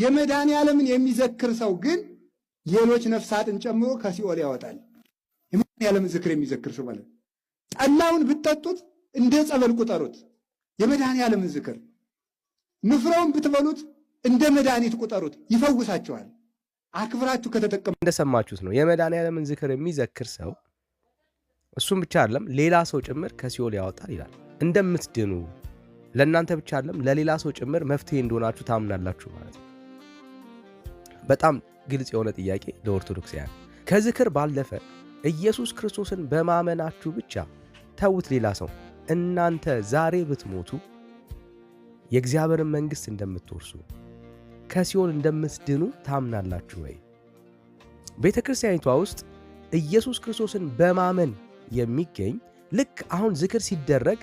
የመድኃኔ ዓለምን የሚዘክር ሰው ግን ሌሎች ነፍሳትን ጨምሮ ከሲኦል ያወጣል። የመድኃኔ ዓለምን ዝክር የሚዘክር ሰው ማለት ጠላውን ብትጠጡት እንደ ጸበል ቁጠሩት። የመድኃኔ ዓለምን ዝክር ንፍረውን ብትበሉት እንደ መድኃኒት ቁጠሩት፣ ይፈውሳቸዋል። አክብራችሁ ከተጠቀሙ እንደሰማችሁት ነው። የመድኃኔ ዓለምን ዝክር የሚዘክር ሰው እሱም ብቻ አይደለም ሌላ ሰው ጭምር ከሲኦል ያወጣል ይላል። እንደምትድኑ ለእናንተ ብቻ አይደለም ለሌላ ሰው ጭምር መፍትሄ እንደሆናችሁ ታምናላችሁ ማለት ነው። በጣም ግልጽ የሆነ ጥያቄ ለኦርቶዶክሳውያን ከዝክር ባለፈ ኢየሱስ ክርስቶስን በማመናችሁ ብቻ ተውት ሌላ ሰው እናንተ ዛሬ ብትሞቱ የእግዚአብሔርን መንግሥት እንደምትወርሱ ከሲኦል እንደምትድኑ ታምናላችሁ ወይ? ቤተ ክርስቲያኒቷ ውስጥ ኢየሱስ ክርስቶስን በማመን የሚገኝ ልክ አሁን ዝክር ሲደረግ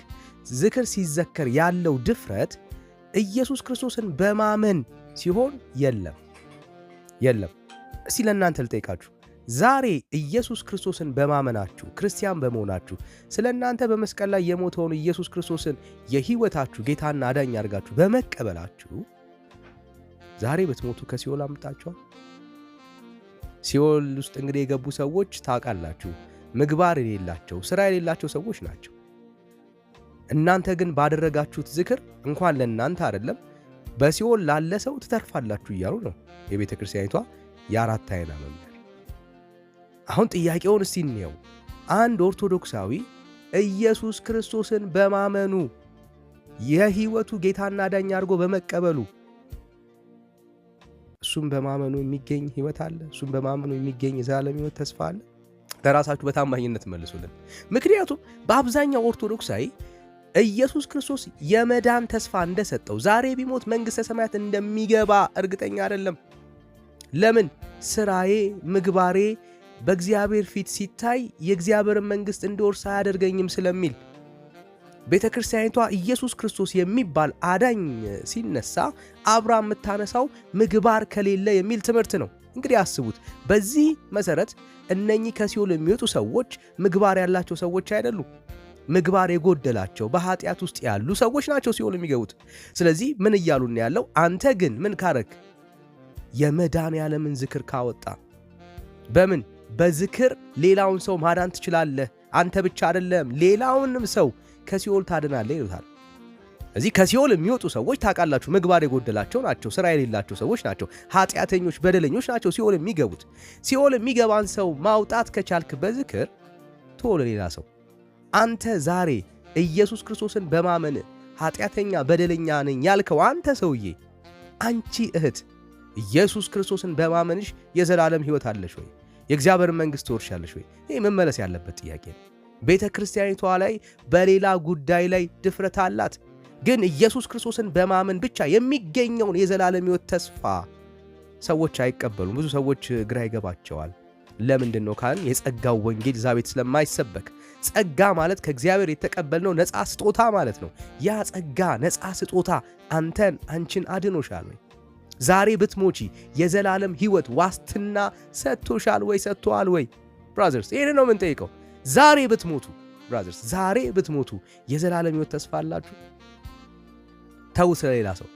ዝክር ሲዘከር ያለው ድፍረት ኢየሱስ ክርስቶስን በማመን ሲሆን የለም። የለም። እስቲ ለእናንተ ልጠይቃችሁ፣ ዛሬ ኢየሱስ ክርስቶስን በማመናችሁ ክርስቲያን በመሆናችሁ ስለ እናንተ በመስቀል ላይ የሞተውን ኢየሱስ ክርስቶስን የሕይወታችሁ ጌታና አዳኝ አድርጋችሁ በመቀበላችሁ ዛሬ ብትሞቱ ከሲኦል አምጣችኋል። ሲኦል ውስጥ እንግዲህ የገቡ ሰዎች ታውቃላችሁ፣ ምግባር የሌላቸው ስራ የሌላቸው ሰዎች ናቸው። እናንተ ግን ባደረጋችሁት ዝክር እንኳን ለእናንተ አይደለም በሲኦል ላለ ሰው ትተርፋላችሁ እያሉ ነው የቤተ ክርስቲያኒቷ የአራት አይና መምህር። አሁን ጥያቄውን እስቲ እንየው። አንድ ኦርቶዶክሳዊ ኢየሱስ ክርስቶስን በማመኑ የሕይወቱ ጌታና ዳኝ አድርጎ በመቀበሉ እሱም በማመኑ የሚገኝ ሕይወት አለ። እሱም በማመኑ የሚገኝ የዘላለም ሕይወት ተስፋ አለ። ለራሳችሁ በታማኝነት መልሱልን። ምክንያቱም በአብዛኛው ኦርቶዶክሳዊ ኢየሱስ ክርስቶስ የመዳን ተስፋ እንደሰጠው ዛሬ ቢሞት መንግሥተ ሰማያት እንደሚገባ እርግጠኛ አይደለም። ለምን? ስራዬ፣ ምግባሬ በእግዚአብሔር ፊት ሲታይ የእግዚአብሔርን መንግሥት እንድወርስ አያደርገኝም ስለሚል ቤተ ክርስቲያኒቷ ኢየሱስ ክርስቶስ የሚባል አዳኝ ሲነሳ አብራ የምታነሳው ምግባር ከሌለ የሚል ትምህርት ነው። እንግዲህ አስቡት። በዚህ መሠረት እነኚህ ከሲኦል የሚወጡ ሰዎች ምግባር ያላቸው ሰዎች አይደሉም። ምግባር የጎደላቸው በኃጢአት ውስጥ ያሉ ሰዎች ናቸው ሲሆን የሚገቡት። ስለዚህ ምን እያሉን ያለው? አንተ ግን ምን ካረክ? የመዳን ያለምን ዝክር ካወጣ በምን በዝክር ሌላውን ሰው ማዳን ትችላለህ። አንተ ብቻ አይደለም፣ ሌላውንም ሰው ከሲኦል ታድናለህ ይሉታል። እዚህ ከሲኦል የሚወጡ ሰዎች ታውቃላችሁ፣ ምግባር የጎደላቸው ናቸው፣ ስራ የሌላቸው ሰዎች ናቸው፣ ኃጢአተኞች፣ በደለኞች ናቸው ሲኦል የሚገቡት። ሲኦል የሚገባን ሰው ማውጣት ከቻልክ በዝክር ቶሎ ሌላ ሰው አንተ ዛሬ ኢየሱስ ክርስቶስን በማመን ኃጢአተኛ በደለኛ ነኝ ያልከው አንተ ሰውዬ፣ አንቺ እህት ኢየሱስ ክርስቶስን በማመንሽ የዘላለም ሕይወት አለሽ ወይ? የእግዚአብሔር መንግሥት ትወርሻለሽ ወይ? ይህ መመለስ ያለበት ጥያቄ ነው። ቤተ ክርስቲያኒቷ ላይ በሌላ ጉዳይ ላይ ድፍረት አላት፣ ግን ኢየሱስ ክርስቶስን በማመን ብቻ የሚገኘውን የዘላለም ሕይወት ተስፋ ሰዎች አይቀበሉም። ብዙ ሰዎች ግራ ይገባቸዋል። ለምንድን ነው ካልን የጸጋው ወንጌል እዛ ቤት ስለማይሰበክ ጸጋ ማለት ከእግዚአብሔር የተቀበልነው ነፃ ስጦታ ማለት ነው። ያ ጸጋ ነፃ ስጦታ አንተን አንቺን አድኖሻል ወይ? ዛሬ ብትሞቺ የዘላለም ሕይወት ዋስትና ሰጥቶሻል ወይ? ሰጥቶዋል ወይ? ብራዘርስ ይህን ነው የምንጠይቀው። ዛሬ ብትሞቱ ብራዘርስ፣ ዛሬ ብትሞቱ የዘላለም ሕይወት ተስፋ አላችሁ? ተዉት። ለሌላ ሰው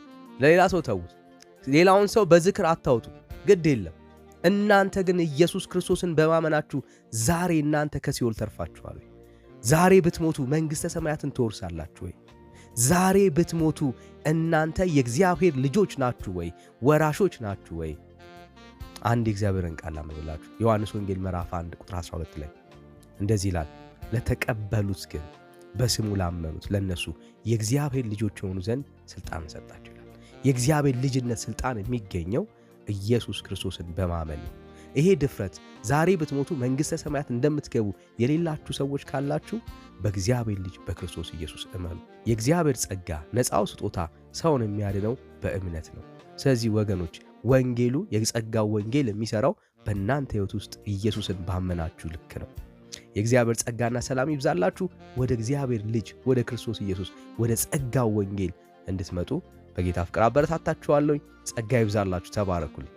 ለሌላ ሰው ተዉት። ሌላውን ሰው በዝክር አታውጡ፣ ግድ የለም እናንተ ግን ኢየሱስ ክርስቶስን በማመናችሁ ዛሬ እናንተ ከሲኦል ተርፋችኋል። ዛሬ ብትሞቱ መንግሥተ ሰማያትን ትወርሳላችሁ ወይ? ዛሬ ብትሞቱ እናንተ የእግዚአብሔር ልጆች ናችሁ ወይ? ወራሾች ናችሁ ወይ? አንድ እግዚአብሔርን ቃል ላመንላችሁ። ዮሐንስ ወንጌል ምዕራፍ 1 ቁጥር 12 ላይ እንደዚህ ይላል፣ ለተቀበሉት ግን በስሙ ላመኑት ለነሱ የእግዚአብሔር ልጆች የሆኑ ዘንድ ስልጣን ሰጣቸው ይላል። የእግዚአብሔር ልጅነት ስልጣን የሚገኘው ኢየሱስ ክርስቶስን በማመን ነው። ይሄ ድፍረት ዛሬ ብትሞቱ መንግሥተ ሰማያት እንደምትገቡ የሌላችሁ ሰዎች ካላችሁ በእግዚአብሔር ልጅ በክርስቶስ ኢየሱስ እመኑ። የእግዚአብሔር ጸጋ ነፃው ስጦታ ሰውን የሚያድነው በእምነት ነው። ስለዚህ ወገኖች ወንጌሉ የጸጋው ወንጌል የሚሠራው በእናንተ ሕይወት ውስጥ ኢየሱስን ባመናችሁ ልክ ነው። የእግዚአብሔር ጸጋና ሰላም ይብዛላችሁ። ወደ እግዚአብሔር ልጅ ወደ ክርስቶስ ኢየሱስ ወደ ጸጋው ወንጌል እንድትመጡ በጌታ ፍቅር አበረታታችኋለሁኝ። ጸጋ ይብዛላችሁ። ተባረኩልኝ።